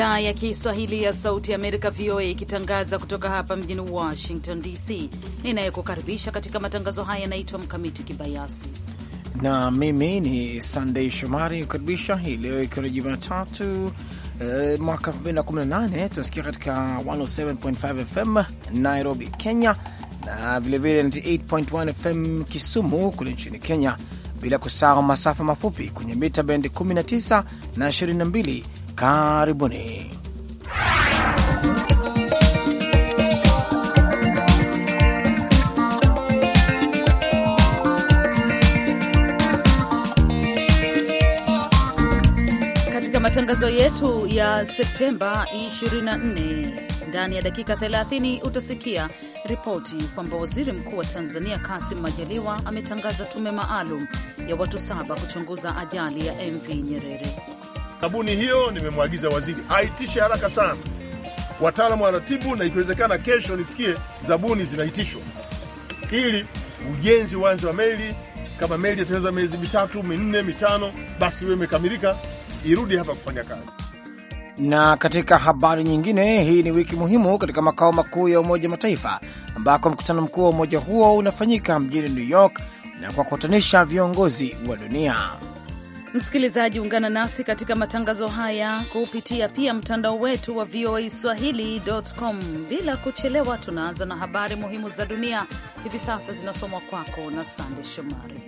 idhaa ya Kiswahili ya Sauti Amerika, VOA, ikitangaza kutoka hapa mjini Washington DC. Ninayekukaribisha katika matangazo haya yanaitwa Mkamiti Kibayasi na mimi ni Sandei Shomari kukaribisha hii leo, ikiwa ni Jumatatu eh, mwaka 2018. Tunasikia katika 107.5 FM Nairobi, Kenya, na vilevile 98.1 FM Kisumu kule nchini Kenya, bila kusahau masafa mafupi kwenye mita bendi 19 na 22 Karibuni. Katika matangazo yetu ya Septemba 24 ndani ya dakika 30 utasikia ripoti kwamba waziri mkuu wa Tanzania Kasim Majaliwa ametangaza tume maalum ya watu saba kuchunguza ajali ya MV Nyerere. Kabuni hiyo nimemwagiza waziri aitishe haraka sana, wataalamu wanatibu, na ikiwezekana kesho nisikie zabuni zinaitishwa ili ujenzi uanze wa meli kama meli itatengenezwa miezi mitatu minne mitano, basi iwe imekamilika, irudi hapa kufanya kazi. Na katika habari nyingine, hii ni wiki muhimu katika makao makuu ya Umoja Mataifa ambako mkutano mkuu wa umoja huo unafanyika mjini New York na kuwakutanisha viongozi wa dunia. Msikilizaji, ungana nasi katika matangazo haya kupitia pia mtandao wetu wa VOA Swahili.com. Bila kuchelewa, tunaanza na habari muhimu za dunia hivi sasa, zinasomwa kwako na Sande Shomari.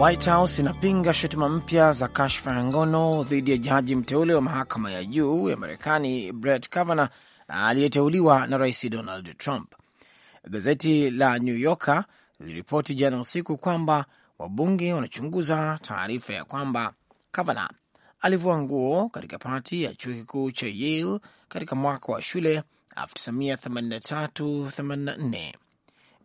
White House inapinga shutuma mpya za kashfa ya ngono dhidi ya jaji mteule wa mahakama ya juu ya Marekani Brett Kavanaugh aliyeteuliwa na Rais Donald Trump. Gazeti la New Yorker liliripoti jana usiku kwamba wabunge wanachunguza taarifa ya kwamba Kavanaugh alivua nguo katika pati ya chuo kikuu cha Yale katika mwaka wa shule 1983-84.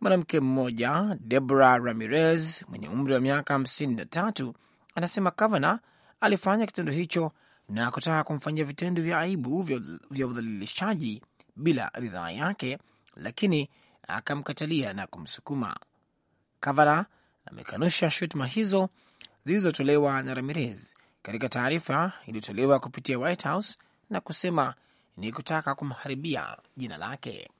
Mwanamke mmoja debora Ramirez mwenye umri wa miaka 53 anasema Kavanaugh alifanya kitendo hicho na kutaka kumfanyia vitendo vya aibu vya udhalilishaji bila ridhaa yake, lakini akamkatalia na kumsukuma. Kavala amekanusha shutuma hizo zilizotolewa na Ramirez katika taarifa iliyotolewa kupitia White House na kusema ni kutaka kumharibia jina lake.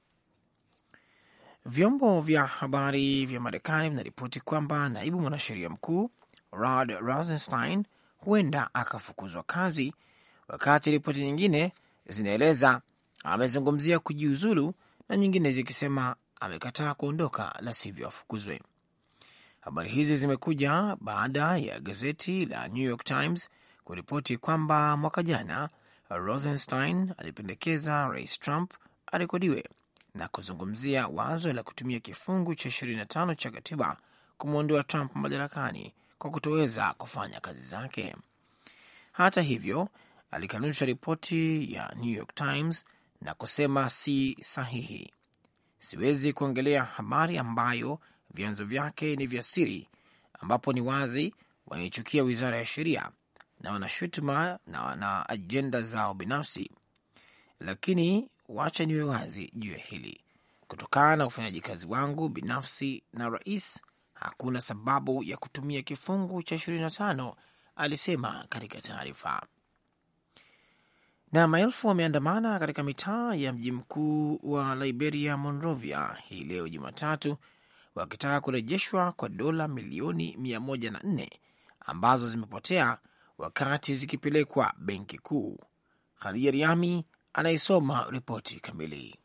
Vyombo vya habari vya Marekani vinaripoti kwamba naibu mwanasheria mkuu Rod Rosenstein huenda akafukuzwa kazi, wakati ripoti nyingine zinaeleza amezungumzia kujiuzulu na nyingine zikisema amekataa kuondoka la sivyo afukuzwe. Habari hizi zimekuja baada ya gazeti la New York Times kuripoti kwamba mwaka jana Rosenstein alipendekeza Rais Trump arekodiwe na kuzungumzia wazo la kutumia kifungu cha 25 cha katiba kumwondoa Trump madarakani kwa kutoweza kufanya kazi zake. Hata hivyo, alikanusha ripoti ya New York Times na kusema si sahihi. Siwezi kuongelea habari ambayo vyanzo vyake ni vya siri, ambapo ni wazi wanaichukia wizara ya sheria na wanashutuma na wana ajenda zao binafsi, lakini wacha niwe wazi juu ya hili. Kutokana na ufanyaji kazi wangu binafsi na rais hakuna sababu ya kutumia kifungu cha 25, alisema katika taarifa. Na maelfu wameandamana katika mitaa ya mji mkuu wa Liberia, Monrovia, hii leo Jumatatu, wakitaka kurejeshwa kwa dola milioni 104 ambazo zimepotea wakati zikipelekwa benki kuu. Khadija Riami anayesoma ripoti kamili.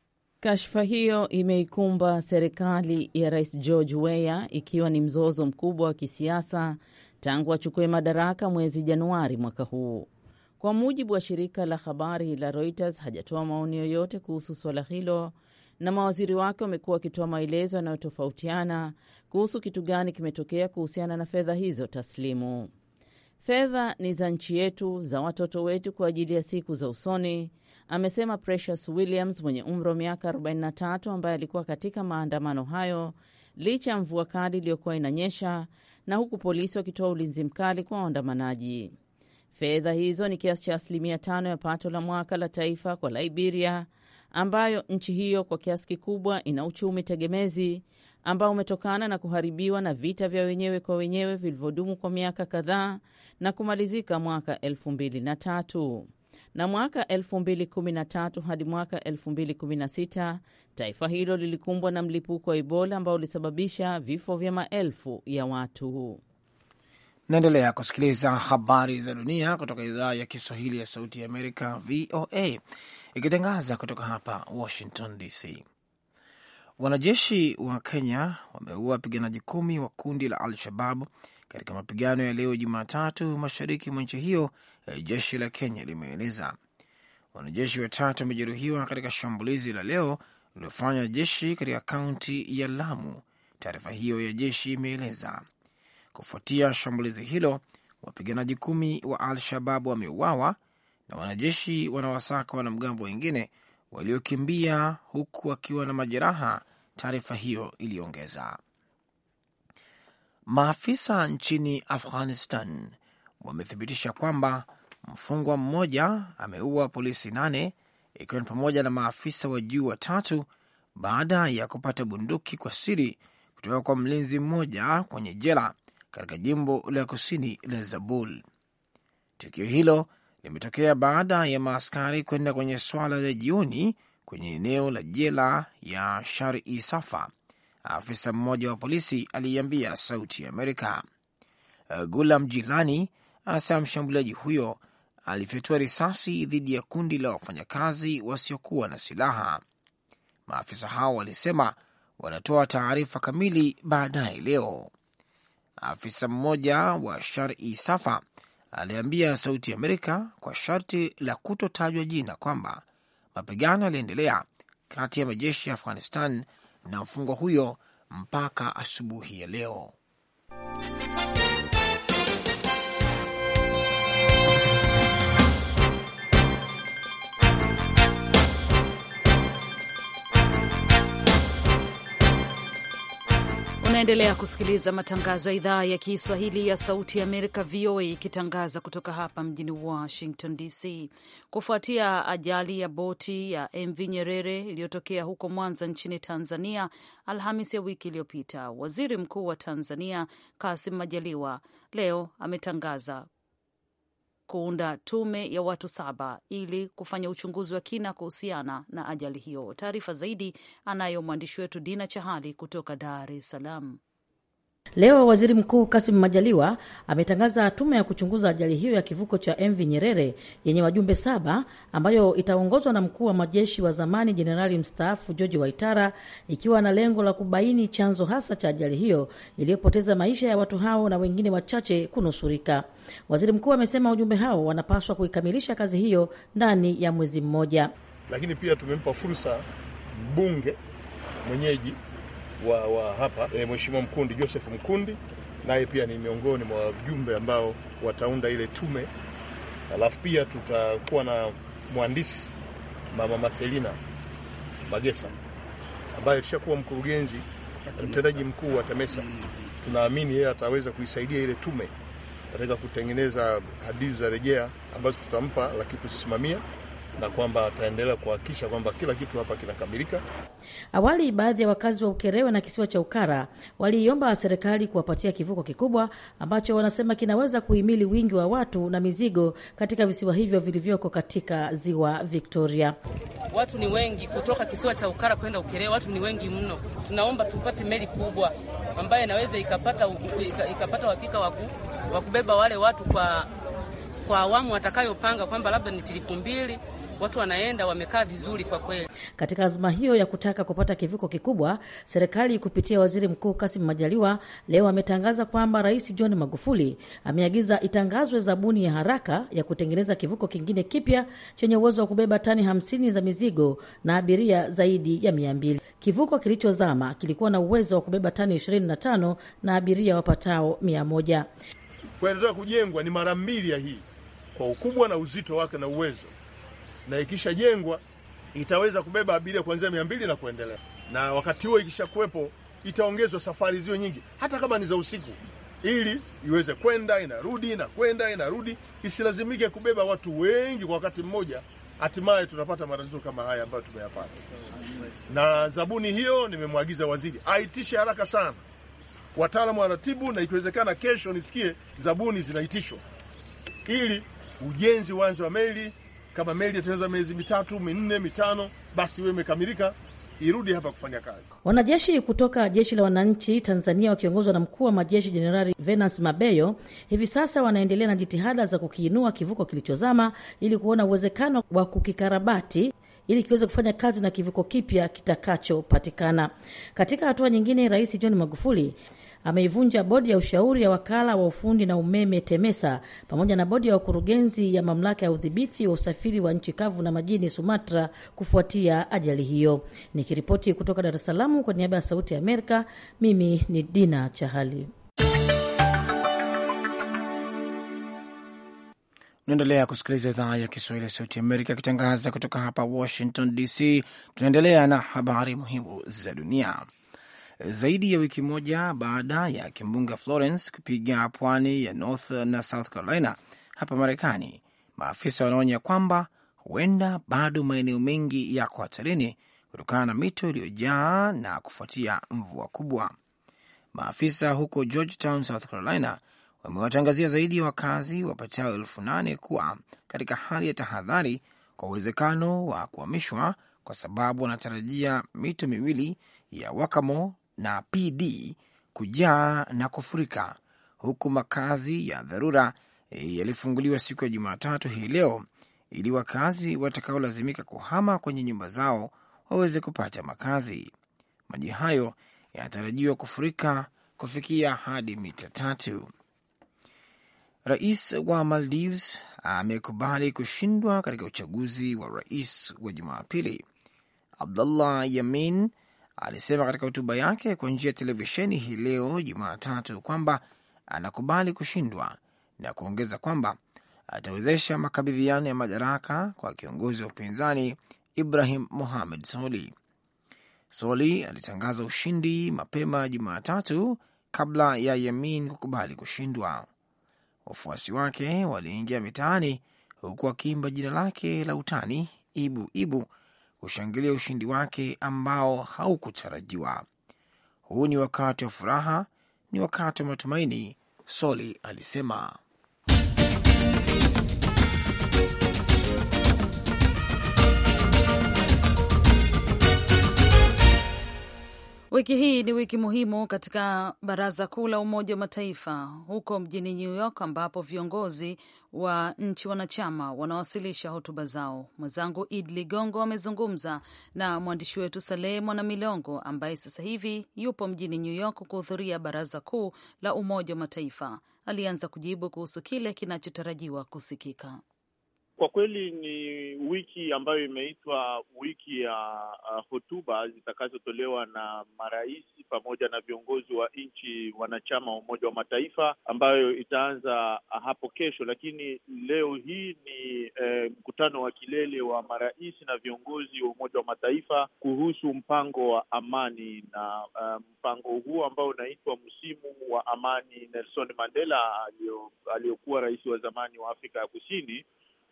Kashfa hiyo imeikumba serikali ya Rais George Weah ikiwa ni mzozo mkubwa wa kisiasa tangu achukue madaraka mwezi Januari mwaka huu. Kwa mujibu wa shirika la habari la Reuters, hajatoa maoni yoyote kuhusu suala hilo na mawaziri wake wamekuwa wakitoa maelezo yanayotofautiana kuhusu kitu gani kimetokea kuhusiana na fedha hizo taslimu. Fedha ni za nchi yetu, za watoto wetu, kwa ajili ya siku za usoni, amesema Precious Williams mwenye umri wa miaka 43 ambaye alikuwa katika maandamano hayo licha ya mvua kali iliyokuwa inanyesha na huku polisi wakitoa ulinzi mkali kwa waandamanaji. Fedha hizo ni kiasi cha asilimia tano ya pato la mwaka la taifa kwa Liberia, ambayo nchi hiyo kwa kiasi kikubwa ina uchumi tegemezi ambao umetokana na kuharibiwa na vita vya wenyewe kwa wenyewe vilivyodumu kwa miaka kadhaa na kumalizika mwaka 2003 na mwaka 2013 hadi mwaka 2016 taifa hilo lilikumbwa na mlipuko wa Ebola ambao ulisababisha vifo vya maelfu ya watu. Naendelea kusikiliza habari za dunia kutoka idhaa ya Kiswahili ya Sauti ya Amerika, VOA, ikitangaza kutoka hapa Washington DC. Wanajeshi wa Kenya wameua wapiganaji kumi wa kundi la Al-Shabab katika mapigano ya leo Jumatatu mashariki mwa nchi hiyo, e, jeshi la Kenya limeeleza. Wanajeshi watatu wamejeruhiwa katika shambulizi la leo lililofanywa jeshi katika kaunti ya Lamu, taarifa hiyo ya jeshi imeeleza. Kufuatia shambulizi hilo, wapiganaji kumi wa Al-Shabab wameuawa na wanajeshi wanawasaka wanamgambo wengine waliokimbia huku wakiwa na majeraha, taarifa hiyo iliongeza. Maafisa nchini Afghanistan wamethibitisha kwamba mfungwa mmoja ameua polisi nane ikiwa ni pamoja na maafisa wa juu watatu baada ya kupata bunduki kwa siri kutoka kwa mlinzi mmoja kwenye jela katika jimbo la kusini la Zabul. Tukio hilo limetokea baada ya maaskari kwenda kwenye swala la jioni kwenye eneo la jela ya Shari Safa, afisa mmoja wa polisi aliiambia Sauti ya Amerika. Gulam Jilani anasema mshambuliaji huyo alifyatua risasi dhidi ya kundi la wafanyakazi wasiokuwa na silaha. Maafisa hao walisema wanatoa taarifa kamili baadaye leo. Afisa mmoja wa Shari Safa aliambia Sauti Amerika kwa sharti la kutotajwa jina kwamba mapigano yaliendelea kati ya majeshi ya Afghanistan na mfungwa huyo mpaka asubuhi ya leo. Unaendelea kusikiliza matangazo ya idhaa ya Kiswahili ya Sauti ya Amerika, VOA, ikitangaza kutoka hapa mjini Washington DC. Kufuatia ajali ya boti ya MV Nyerere iliyotokea huko Mwanza nchini Tanzania Alhamis ya wiki iliyopita, waziri mkuu wa Tanzania Kasim Majaliwa leo ametangaza kuunda tume ya watu saba ili kufanya uchunguzi wa kina kuhusiana na ajali hiyo. Taarifa zaidi anayo mwandishi wetu Dina Chahali kutoka Dar es Salaam. Leo Waziri Mkuu Kasim Majaliwa ametangaza tume ya kuchunguza ajali hiyo ya kivuko cha MV Nyerere yenye wajumbe saba ambayo itaongozwa na mkuu wa majeshi wa zamani jenerali mstaafu George Waitara, ikiwa na lengo la kubaini chanzo hasa cha ajali hiyo iliyopoteza maisha ya watu hao na wengine wachache kunusurika. Waziri Mkuu amesema wajumbe hao wanapaswa kuikamilisha kazi hiyo ndani ya mwezi mmoja. Lakini pia tumempa fursa mbunge mwenyeji wa, wa hapa e, Mheshimiwa Mkundi Joseph Mkundi naye pia ni miongoni mwa wajumbe ambao wataunda ile tume, alafu pia tutakuwa na mhandisi mama Maselina Magesa ambaye alishakuwa mkurugenzi mtendaji mkuu wa TEMESA. Mm-hmm. Tunaamini yeye ataweza kuisaidia ile tume katika kutengeneza hadithi za rejea ambazo tutampa, lakini kuzisimamia na kwamba ataendelea kuhakikisha kwamba kila kitu hapa kinakamilika. Awali baadhi ya wakazi wa Ukerewe na kisiwa cha Ukara waliiomba serikali kuwapatia kivuko kikubwa ambacho wanasema kinaweza kuhimili wingi wa watu na mizigo katika visiwa hivyo vilivyoko katika ziwa Victoria. Watu ni wengi kutoka kisiwa cha Ukara kwenda Ukerewe, watu ni wengi mno. Tunaomba tupate meli kubwa ambayo inaweza ikapata ikapata uhakika wa kubeba wale watu kwa kwa awamu watakayopanga kwamba labda ni tiripu mbili watu wanaenda wamekaa vizuri kwa kweli. Katika azma hiyo ya kutaka kupata kivuko kikubwa, serikali kupitia waziri mkuu Kasim Majaliwa leo ametangaza kwamba Rais John Magufuli ameagiza itangazwe zabuni ya haraka ya kutengeneza kivuko kingine kipya chenye uwezo wa kubeba tani hamsini za mizigo na abiria zaidi ya mia mbili. Kivuko kilichozama kilikuwa na uwezo wa kubeba tani ishirini na tano na abiria wapatao mia moja. Kwa kujengwa ni mara mbili ya hii kwa ukubwa na uzito wake na uwezo na ikishajengwa itaweza kubeba abiria kuanzia mia mbili na kuendelea, na wakati huo ikishakuwepo itaongezwa safari ziwe nyingi, hata kama ni za usiku, ili iweze kwenda inarudi, inakwenda inarudi, isilazimike kubeba watu wengi kwa wakati mmoja. Hatimaye tunapata matatizo kama haya ambayo tumeyapata. Na zabuni hiyo nimemwagiza waziri aitishe haraka sana wataalamu wa ratibu, na ikiwezekana kesho nisikie zabuni zinaitishwa ili ujenzi uanze wa meli kama meli itatengeneza miezi mitatu minne mitano, basi wewe imekamilika, irudi hapa kufanya kazi. Wanajeshi kutoka jeshi la wananchi Tanzania wakiongozwa na mkuu wa majeshi Jenerali Venance Mabeyo hivi sasa wanaendelea na jitihada za kukiinua kivuko kilichozama ili kuona uwezekano wa kukikarabati ili kiweze kufanya kazi na kivuko kipya kitakachopatikana. Katika hatua nyingine, Rais John Magufuli ameivunja bodi ya ushauri ya wakala wa ufundi na umeme TEMESA pamoja na bodi ya wakurugenzi ya mamlaka ya udhibiti wa usafiri wa nchi kavu na majini SUMATRA kufuatia ajali hiyo. Nikiripoti kutoka Dar es Salaam kwa niaba ya Sauti ya Amerika, mimi ni Dina Chahali. Unaendelea kusikiliza idhaa ya Kiswahili ya Sauti Amerika ikitangaza kutoka hapa Washington DC. Tunaendelea na habari muhimu za dunia zaidi ya wiki moja baada ya kimbunga Florence kupiga pwani ya North na South Carolina hapa Marekani, maafisa wanaonya kwamba huenda bado maeneo mengi yako hatarini kutokana na mito iliyojaa na kufuatia mvua kubwa. Maafisa huko Georgetown, South Carolina wamewatangazia zaidi ya wakazi wapatao elfu nane kuwa katika hali ya tahadhari kwa uwezekano wa kuhamishwa kwa sababu wanatarajia mito miwili ya Wakamo na PD kujaa na kufurika, huku makazi ya dharura eh, yalifunguliwa siku ya Jumatatu hii leo ili wakazi watakaolazimika kuhama kwenye nyumba zao waweze kupata makazi. Maji hayo yanatarajiwa kufurika kufikia hadi mita tatu. Rais wa Maldives amekubali kushindwa katika uchaguzi wa rais wa Jumapili. Abdullah Yamin alisema katika hotuba yake kwa njia ya televisheni hii leo Jumatatu kwamba anakubali kushindwa na kuongeza kwamba atawezesha makabidhiano ya madaraka kwa kiongozi wa upinzani Ibrahim Mohamed Soli. Soli alitangaza ushindi mapema Jumatatu kabla ya Yamin kukubali kushindwa. Wafuasi wake waliingia mitaani huku akiimba jina lake la utani ibu ibu kushangilia ushindi wake ambao haukutarajiwa. Huu ni wakati wa furaha, ni wakati wa matumaini, Soli alisema. Wiki hii ni wiki muhimu katika Baraza Kuu la Umoja wa Mataifa huko mjini New York, ambapo viongozi wa nchi wanachama wanawasilisha hotuba zao. Mwenzangu Id Ligongo amezungumza na mwandishi wetu Salehe Mwanamilongo ambaye sasa hivi yupo mjini New York kuhudhuria Baraza Kuu la Umoja wa Mataifa. Alianza kujibu kuhusu kile kinachotarajiwa kusikika. Kwa kweli ni wiki ambayo imeitwa wiki ya uh, hotuba zitakazotolewa na marais pamoja na viongozi wa nchi wanachama wa Umoja wa Mataifa, ambayo itaanza uh, hapo kesho. Lakini leo hii ni eh, mkutano wa kilele wa marais na viongozi wa Umoja wa Mataifa kuhusu mpango wa amani, na uh, mpango huu ambao unaitwa msimu wa amani, Nelson Mandela aliyokuwa rais wa zamani wa Afrika ya Kusini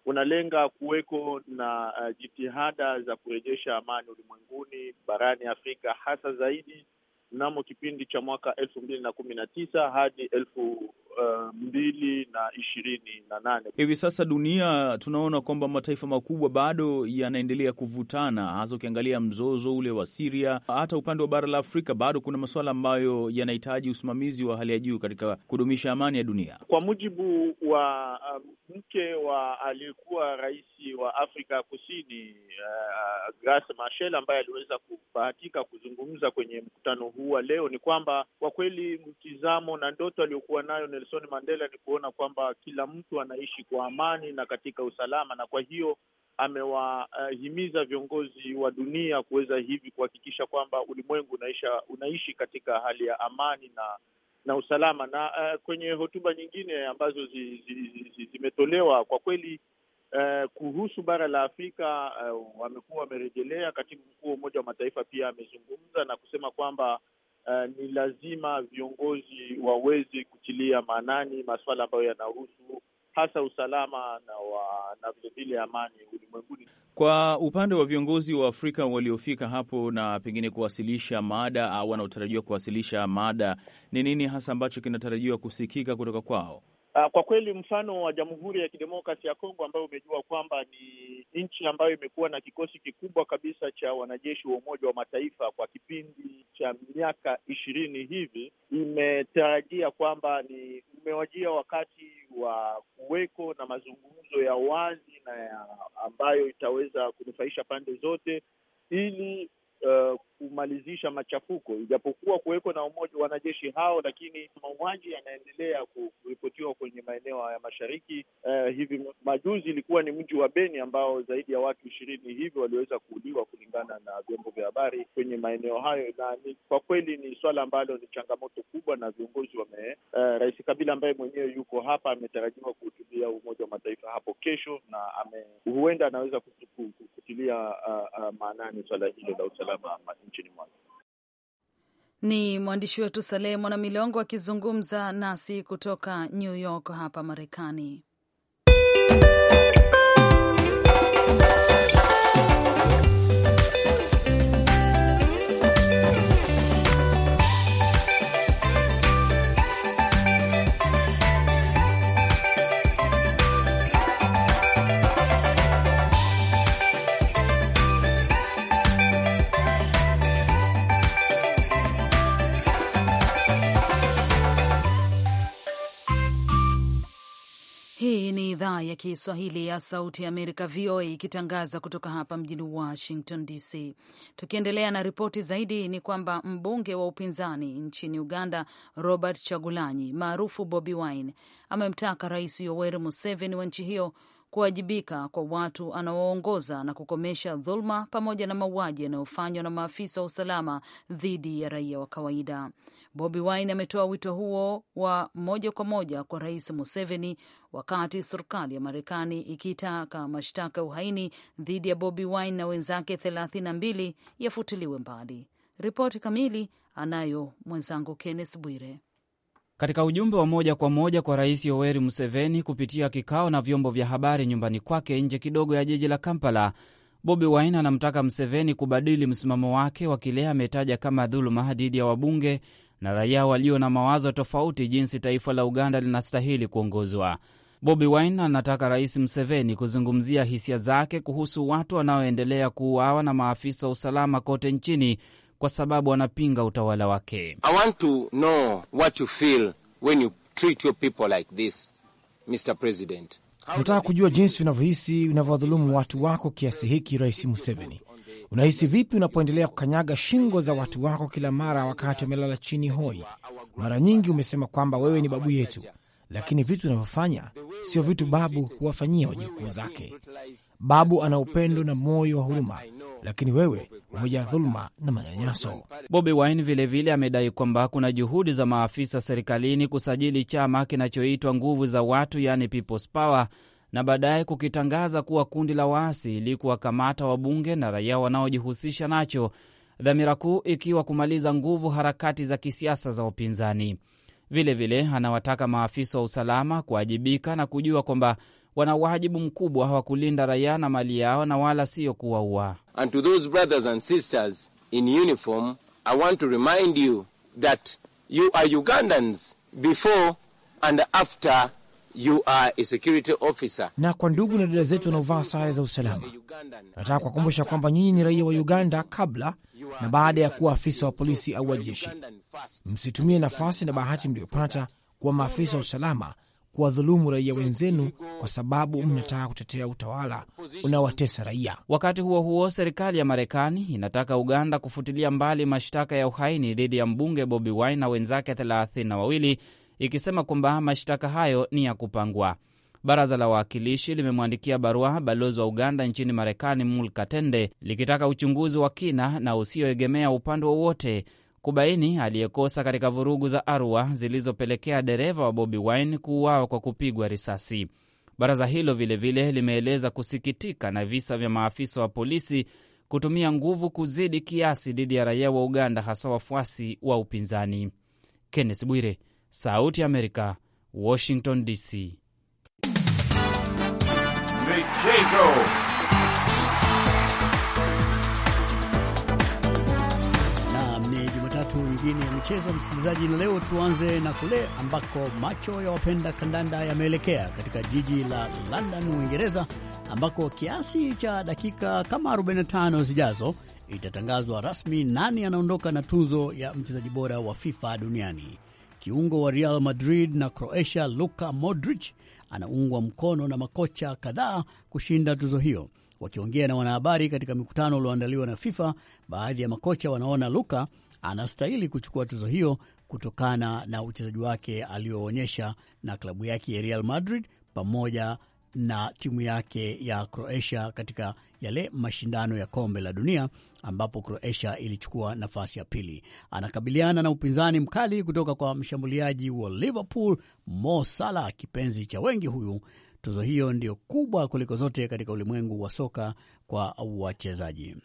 unalenga kuweko na uh, jitihada za kurejesha amani ulimwenguni barani Afrika hasa zaidi mnamo kipindi cha mwaka elfu mbili na kumi na tisa hadi elfu uh, mbili na ishirini na nane. Hivi sasa dunia tunaona kwamba mataifa makubwa bado yanaendelea kuvutana, hasa ukiangalia mzozo ule wa Siria. Hata upande wa bara la Afrika bado kuna masuala ambayo yanahitaji usimamizi wa hali ya juu katika kudumisha amani ya dunia. Kwa mujibu wa um, mke wa aliyekuwa rais wa Afrika Kusini uh, Grace Machel ambaye aliweza kubahatika kuzungumza kwenye mkutano huu wa leo, ni kwamba kwa kweli mtizamo na ndoto aliyokuwa nayo Nelson Mandela ni kuona kwamba kila mtu anaishi kwa amani na katika usalama, na kwa hiyo amewahimiza uh, viongozi wa dunia kuweza hivi kuhakikisha kwamba ulimwengu unaisha, unaishi katika hali ya amani na na usalama. Na uh, kwenye hotuba nyingine ambazo zi, zi, zi, zi, zimetolewa kwa kweli uh, kuhusu bara la Afrika uh, wamekuwa wamerejelea. Katibu mkuu wa Umoja wa Mataifa pia amezungumza na kusema kwamba uh, ni lazima viongozi waweze kutilia maanani masuala ambayo yanahusu hasa usalama na wa, na vilevile amani ulimwenguni. Kwa upande wa viongozi wa Afrika waliofika hapo na pengine kuwasilisha mada au wanaotarajiwa kuwasilisha mada, ni nini hasa ambacho kinatarajiwa kusikika kutoka kwao? Uh, kwa kweli mfano wa Jamhuri ya Kidemokrasi ya Kongo ambayo umejua kwamba ni nchi ambayo imekuwa na kikosi kikubwa kabisa cha wanajeshi wa Umoja wa Mataifa kwa kipindi cha miaka ishirini hivi, imetarajia kwamba ni umewajia wakati wa kuweko na mazungumzo ya wazi na ya ambayo itaweza kunufaisha pande zote ili uh, kumalizisha machafuko, ijapokuwa kuweko na umoja wanajeshi hao, lakini mauaji yanaendelea kuripotiwa kwenye maeneo ya mashariki. Uh, hivi majuzi ilikuwa ni mji wa Beni ambao zaidi ya watu ishirini hivi waliweza kuuliwa kulingana na vyombo vya habari kwenye maeneo hayo, na ni, kwa kweli ni swala ambalo ni changamoto kubwa, na viongozi wame uh, Rais Kabila ambaye mwenyewe yuko hapa ametarajiwa kuhutubia Umoja wa Mataifa hapo kesho, na ame, huenda anaweza kutilia uh, uh, maanani swala hilo la usalama nchini mwake. Ni mwandishi wetu Saleh Mwana Milongo akizungumza nasi kutoka New York hapa Marekani. Hii ni idhaa ya Kiswahili ya Sauti ya Amerika, VOA, ikitangaza kutoka hapa mjini Washington DC. Tukiendelea na ripoti zaidi, ni kwamba mbunge wa upinzani nchini Uganda, Robert Chagulanyi maarufu Bobi Wine, amemtaka Rais Yoweri Museveni wa nchi hiyo kuwajibika kwa watu anaoongoza na kukomesha dhuluma pamoja na mauaji yanayofanywa na maafisa wa usalama dhidi ya raia wa kawaida. Bobi Wine ametoa wito huo wa moja kwa moja kwa Rais Museveni wakati serikali ya Marekani ikitaka mashtaka ya uhaini dhidi ya Bobi Wine na wenzake na mbili yafutiliwe mbali. Ripoti kamili anayo mwenzangu Kenneth Bwire. Katika ujumbe wa moja kwa moja kwa Rais Yoweri Museveni kupitia kikao na vyombo vya habari nyumbani kwake nje kidogo ya jiji la Kampala, Bobi Wine anamtaka Museveni kubadili msimamo wake wa kile ametaja kama dhuluma dhidi ya wabunge na raia walio na mawazo tofauti jinsi taifa la Uganda linastahili kuongozwa. Bobi Wine anataka Rais Museveni kuzungumzia hisia zake kuhusu watu wanaoendelea kuuawa na maafisa wa usalama kote nchini kwa sababu wanapinga utawala wake. I want to know what you feel when you treat your people like this, Mr. President. Nataka kujua jinsi unavyohisi unavyowadhulumu watu wako kiasi hiki, Rais Museveni. Unahisi vipi unapoendelea kukanyaga shingo za watu wako kila mara wakati wamelala chini hoi? Mara nyingi umesema kwamba wewe ni babu yetu, lakini vitu vinavyofanya sio vitu babu huwafanyia wajukuu zake. Babu ana upendo na moyo wa huruma, lakini wewe umoja dhuluma na manyanyaso. Bobi Wine vilevile amedai kwamba kuna juhudi za maafisa serikalini kusajili chama kinachoitwa nguvu za watu, yani People's Power, na baadaye kukitangaza kuwa kundi la waasi ili kuwakamata wabunge na raia wanaojihusisha nacho, dhamira kuu ikiwa kumaliza nguvu harakati za kisiasa za upinzani. Vilevile vile, anawataka maafisa wa usalama kuwajibika na kujua kwamba wana wajibu mkubwa wa kulinda raia na mali yao na wala sio kuwaua. And to those brothers and sisters in uniform, I want to remind you that you are Ugandans before and after you are a security officer. Na kwa ndugu na dada zetu wanaovaa sare za usalama, nataka kuwakumbusha kwamba nyinyi ni raia wa Uganda kabla na baada ya kuwa afisa wa polisi au wa jeshi. Msitumie nafasi na bahati mliyopata kuwa maafisa wa usalama kuwadhulumu raia wenzenu kwa sababu mnataka kutetea utawala unaowatesa raia. Wakati huo huo, serikali ya Marekani inataka Uganda kufutilia mbali mashtaka ya uhaini dhidi ya mbunge Bobi Wine na wenzake thelathini na wawili, ikisema kwamba mashtaka hayo ni ya kupangwa. Baraza la Wawakilishi limemwandikia barua balozi wa Uganda nchini Marekani, Mulkatende, likitaka uchunguzi wa kina na usioegemea upande wowote kubaini aliyekosa katika vurugu za Arua zilizopelekea dereva wa Bobi Wine kuuawa kwa kupigwa risasi. Baraza hilo vilevile vile limeeleza kusikitika na visa vya maafisa wa polisi kutumia nguvu kuzidi kiasi dhidi ya raia wa Uganda, hasa wafuasi wa upinzani. Kenneth Bwire, Sauti ya Amerika, Washington DC michezo. nyingine ya michezo msikilizaji, na leo tuanze na kule ambako macho ya wapenda kandanda yameelekea katika jiji la London, Uingereza, ambako kiasi cha dakika kama 45 zijazo itatangazwa rasmi nani anaondoka na tuzo ya mchezaji bora wa FIFA duniani. Kiungo wa Real Madrid na Croatia Luka Modric anaungwa mkono na makocha kadhaa kushinda tuzo hiyo. Wakiongea na wanahabari katika mikutano ulioandaliwa na FIFA, baadhi ya makocha wanaona Luka anastahili kuchukua tuzo hiyo kutokana na uchezaji wake alioonyesha na klabu yake ya Real Madrid pamoja na timu yake ya Croatia katika yale mashindano ya kombe la dunia ambapo Croatia ilichukua nafasi ya pili. Anakabiliana na upinzani mkali kutoka kwa mshambuliaji wa Liverpool Mo Salah, kipenzi cha wengi huyu. Tuzo hiyo ndiyo kubwa kuliko zote katika ulimwengu wa soka kwa wachezaji.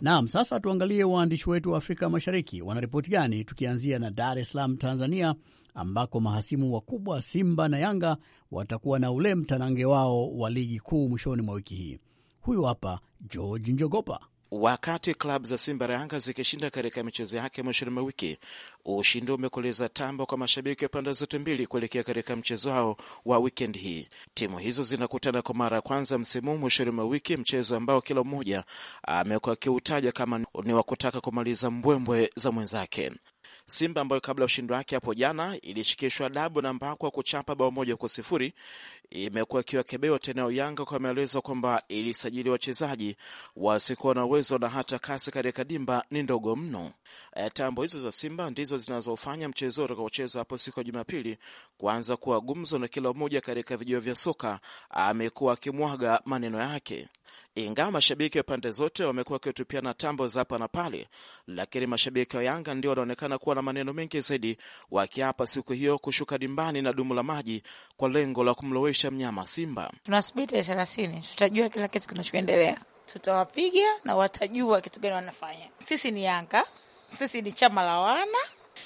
Naam, sasa tuangalie waandishi wetu wa Afrika Mashariki wanaripoti gani, tukianzia na Dar es Salaam, Tanzania, ambako mahasimu wakubwa Simba na Yanga watakuwa na ule mtanange wao wa ligi kuu mwishoni mwa wiki hii. Huyu hapa George Njogopa. Wakati klabu za Simba na Yanga zikishinda katika michezo yake mwishoni mwa wiki, ushindi umekoleza tamba kwa mashabiki wa pande zote mbili kuelekea katika mchezo wao wa wikendi hii. Timu hizo zinakutana kwa mara ya kwanza msimu mwishoni mwa wiki, mchezo ambao kila mmoja amekuwa akiutaja kama ni wa kutaka kumaliza mbwembwe za mwenzake. Simba ambayo kabla ya ushindi wake hapo jana ilishikishwa dabu na Mbakwa kuchapa bao moja kwa sifuri imekuwa ikiwakebewa tena Yanga kwa maelezo kwamba ilisajili wachezaji wasikuwa na uwezo na hata kasi katika dimba ni ndogo mno. E, tambo hizo za Simba ndizo zinazofanya mchezo utakaochezwa hapo siku ya Jumapili kuanza kuwa gumzo, na kila mmoja katika vijio vya soka amekuwa akimwaga maneno yake. Ingawa mashabiki wa pande zote wamekuwa wakitupiana tambo za hapa na pale, lakini mashabiki wa Yanga ndio wanaonekana kuwa na maneno mengi zaidi, wakiapa siku hiyo kushuka dimbani na dumu la maji kwa lengo la kumlowesha mnyama Simba. Tunasubiri tarehe thelathini, tutajua kila kitu kinachoendelea, tutawapiga na watajua kitu gani wanafanya. Sisi ni Yanga, sisi ni chama la wana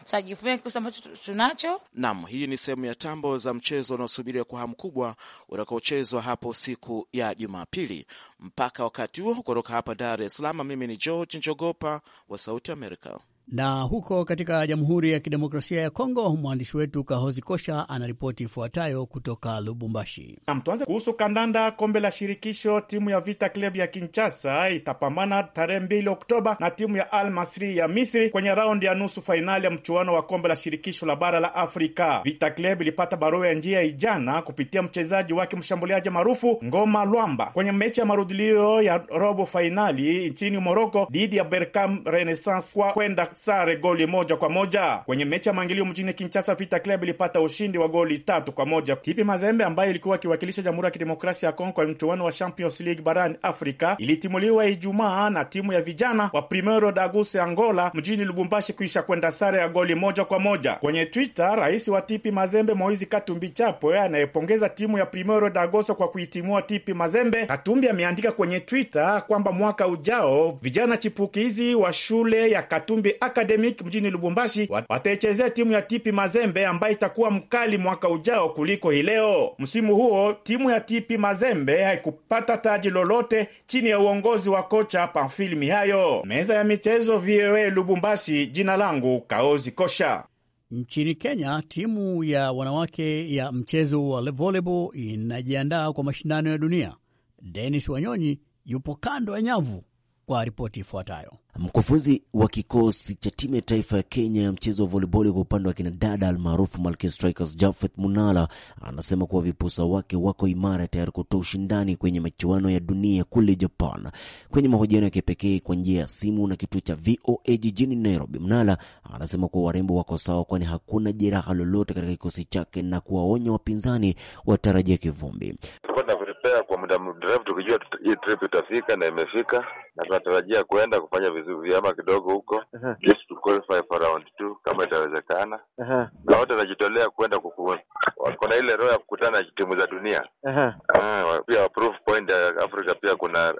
tutajivunia kikosi ambacho tunacho. Naam, hii ni sehemu ya tambo za mchezo unaosubiriwa kwa hamu kubwa utakaochezwa hapo siku ya Jumapili. Mpaka wakati huo, kutoka hapa Dar es Salaam, mimi ni George Njogopa wa Sauti Amerika. Na huko katika Jamhuri ya Kidemokrasia ya Kongo, mwandishi wetu Kahozi Kosha anaripoti ifuatayo kutoka Lubumbashi. Nam, tuanze kuhusu kandanda. Kombe la shirikisho, timu ya Vita Club ya Kinshasa itapambana tarehe mbili Oktoba na timu ya Al Masri ya Misri kwenye raundi ya nusu fainali ya mchuano wa kombe la shirikisho la bara la Afrika. Vita Club ilipata barua ya njia ijana kupitia mchezaji wake mshambuliaji maarufu Ngoma Lwamba kwenye mechi ya marudilio ya robo fainali nchini Moroko dhidi ya Berkane Renaissance kwa kwenda sare goli moja kwa moja. Kwenye mechi ya maingilio mjini Kinshasa, Vita Club ilipata ushindi wa goli tatu kwa moja. Tipi Mazembe ambayo ilikuwa ikiwakilisha Jamhuri ya Kidemokrasia ya Kongo kwa mchuano wa Champions League barani Afrika ilitimuliwa Ijumaa na timu ya vijana wa Primero Daguse Angola mjini Lubumbashi kuisha kwenda sare ya goli moja kwa moja. Kwenye Twitter, rais wa Tipi Mazembe Moizi Katumbi Chapwe anayepongeza timu ya Primero Dagoso kwa kuitimua Tipi Mazembe, Katumbi ameandika kwenye Twitter kwamba mwaka ujao vijana chipukizi wa shule ya Katumbi Academic mjini Lubumbashi wataichezea timu ya Tipi Mazembe ambayo itakuwa mkali mwaka ujao kuliko hii leo. Msimu huo timu ya Tipi Mazembe haikupata taji lolote chini ya uongozi wa kocha Pamfili Mihayo. Meza ya michezo VOA Lubumbashi, jina langu Kaozi Kosha. Nchini Kenya, timu ya wanawake ya mchezo wa volleyball inajiandaa kwa mashindano ya dunia. Denis Wanyonyi yupo kando ya nyavu kwa ripoti ifuatayo. Mkufunzi wa kikosi cha timu ya taifa ya Kenya ya mchezo wa voleboli kwa upande wa kinadada almaarufu Malkia Strikers, Jafeth Munala anasema kuwa vipusa wake wako imara, tayari kutoa ushindani kwenye michuano ya dunia kule Japan. Kwenye mahojiano ya kipekee kwa njia ya simu na kituo cha VOA jijini Nairobi, Munala anasema kuwa warembo wako sawa, kwani hakuna jeraha lolote katika kikosi chake na kuwaonya wapinzani watarajia kivumbi. Tulikuwa kwa muda mrefu tukijua hii trip itafika na imefika na tunatarajia kuenda kufanya vizuri vyama kidogo huko just to qualify for round two kama itawezekana. Na wote wanajitolea kuenda kuna ile roho ya kukutana na timu za dunia. Ah, pia proof point ya Afrika pia kuna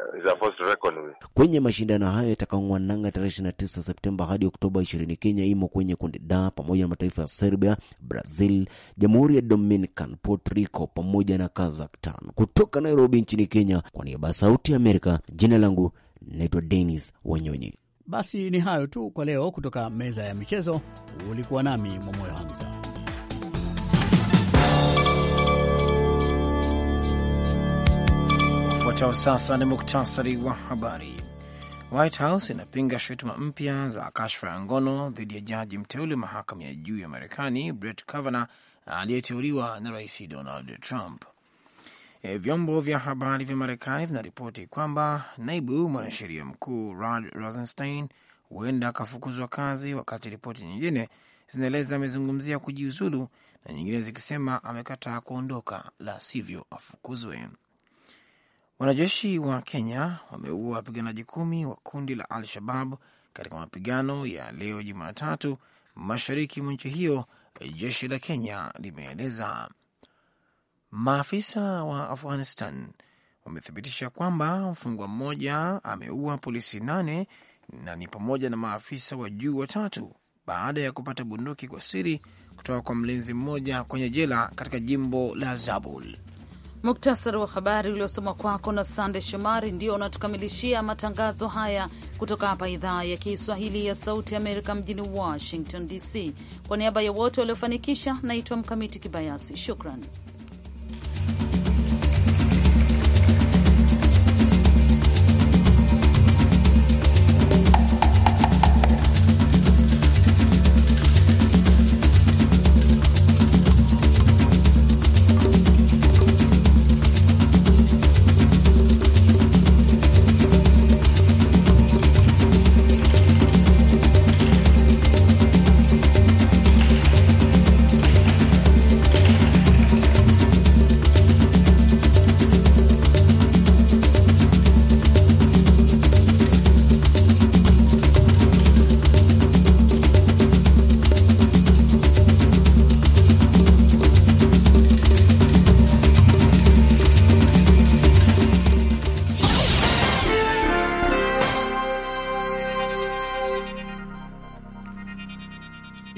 record. Kwenye mashindano hayo yatakaongwananga tarehe tisa Septemba hadi Oktoba ishirini Kenya imo kwenye kundi da pamoja na mataifa ya Serbia, Brazil, Jamhuri ya Dominican, Puerto Rico pamoja na Kazakhstan. Kutoka Nairobi nchini Kenya, kwa niaba ya Sauti ya Amerika, jina langu Naitwa Denis Wanyonyi. Basi ni hayo tu kwa leo kutoka meza ya michezo. Ulikuwa nami Mwamoyo Hamza. Fuatao sasa ni muktasari wa habari. White House inapinga shutuma mpya za kashfa ya ngono dhidi ya jaji mteule mahakama ya juu ya Marekani Brett Kavanaugh aliyeteuliwa na Rais Donald Trump. E, vyombo vya habari vya Marekani vinaripoti kwamba naibu mwanasheria mkuu Rod Rosenstein huenda akafukuzwa kazi, wakati ripoti nyingine zinaeleza amezungumzia kujiuzulu na nyingine zikisema amekataa kuondoka, la sivyo afukuzwe. Wanajeshi wa Kenya wameua wapiganaji kumi wa kundi la Al-Shabab katika mapigano ya leo Jumatatu mashariki mwa nchi hiyo, jeshi la Kenya limeeleza. Maafisa wa Afghanistan wamethibitisha kwamba mfungwa mmoja ameua polisi nane na ni pamoja na maafisa wa juu watatu baada ya kupata bunduki kwa siri kutoka kwa mlinzi mmoja kwenye jela katika jimbo la Zabul. Muktasari wa habari uliosoma kwako na Sande Shomari ndio unatukamilishia matangazo haya kutoka hapa idhaa ya Kiswahili ya Sauti Amerika mjini Washington DC. Kwa niaba ya wote waliofanikisha, naitwa Mkamiti Kibayasi. Shukran.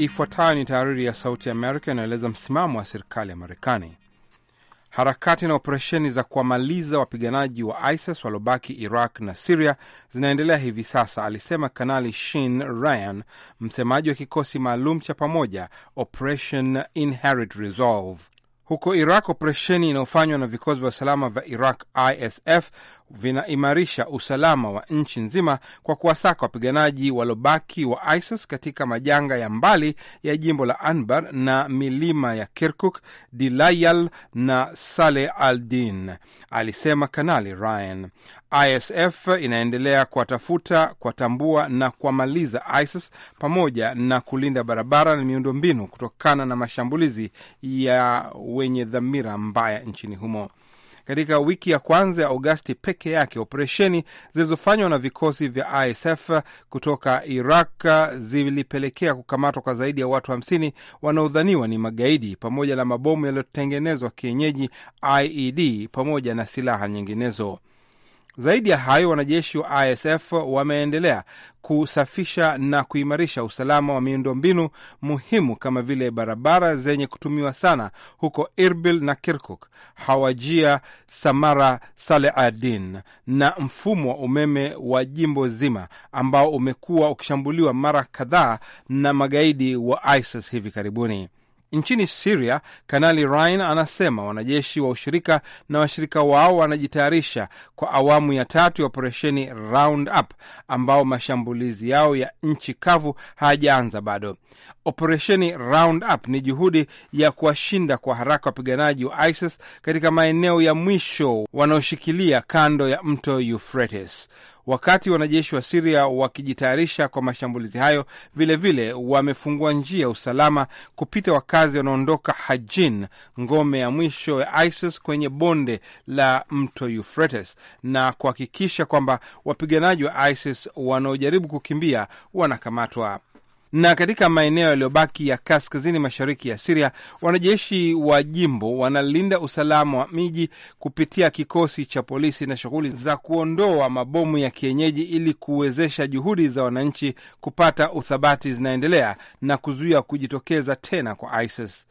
Ifuatayo ni tahariri ya Sauti ya Amerika inaeleza msimamo wa serikali ya Marekani. Harakati na operesheni za kuwamaliza wapiganaji wa ISIS waliobaki Iraq na Siria zinaendelea hivi sasa, alisema Kanali Shin Ryan, msemaji wa kikosi maalum cha pamoja Operation Inherent Resolve. Huko Iraq, operesheni inayofanywa na vikosi vya usalama vya Iraq ISF vinaimarisha usalama wa nchi nzima kwa kuwasaka wapiganaji walobaki wa ISIS katika majanga ya mbali ya jimbo la Anbar na milima ya Kirkuk, Dilayal na Sale al-Din, alisema Kanali Ryan. ISF inaendelea kuwatafuta, kuwatambua na kuwamaliza ISIS pamoja na kulinda barabara na miundombinu kutokana na mashambulizi ya wenye dhamira mbaya nchini humo katika wiki ya kwanza ya Agosti peke yake. Operesheni zilizofanywa na vikosi vya ISF kutoka Iraq zilipelekea kukamatwa kwa zaidi ya watu hamsini wanaodhaniwa ni magaidi pamoja na mabomu yaliyotengenezwa kienyeji IED pamoja na silaha nyinginezo. Zaidi ya hayo, wanajeshi wa ISF wameendelea kusafisha na kuimarisha usalama wa miundombinu muhimu kama vile barabara zenye kutumiwa sana huko Irbil na Kirkuk, Hawajia, Samara, Saleh Adin na mfumo wa umeme wa jimbo zima ambao umekuwa ukishambuliwa mara kadhaa na magaidi wa ISIS hivi karibuni. Nchini Siria, Kanali Ryan anasema wanajeshi wa ushirika na washirika wao wanajitayarisha kwa awamu ya tatu ya operesheni Roundup, ambao mashambulizi yao ya nchi kavu hayajaanza bado. Operesheni Roundup ni juhudi ya kuwashinda kwa haraka wapiganaji wa ISIS katika maeneo ya mwisho wanaoshikilia kando ya mto Euphrates. Wakati wanajeshi wa Siria wakijitayarisha kwa mashambulizi hayo, vilevile wamefungua njia ya usalama kupita wakazi wanaondoka Hajin, ngome ya mwisho ya ISIS kwenye bonde la mto Euphrates, na kuhakikisha kwamba wapiganaji wa ISIS wanaojaribu kukimbia wanakamatwa. Na katika maeneo yaliyobaki ya kaskazini mashariki ya Siria, wanajeshi wa jimbo wanalinda usalama wa miji kupitia kikosi cha polisi na shughuli za kuondoa mabomu ya kienyeji ili kuwezesha juhudi za wananchi kupata uthabati zinaendelea na kuzuia kujitokeza tena kwa ISIS.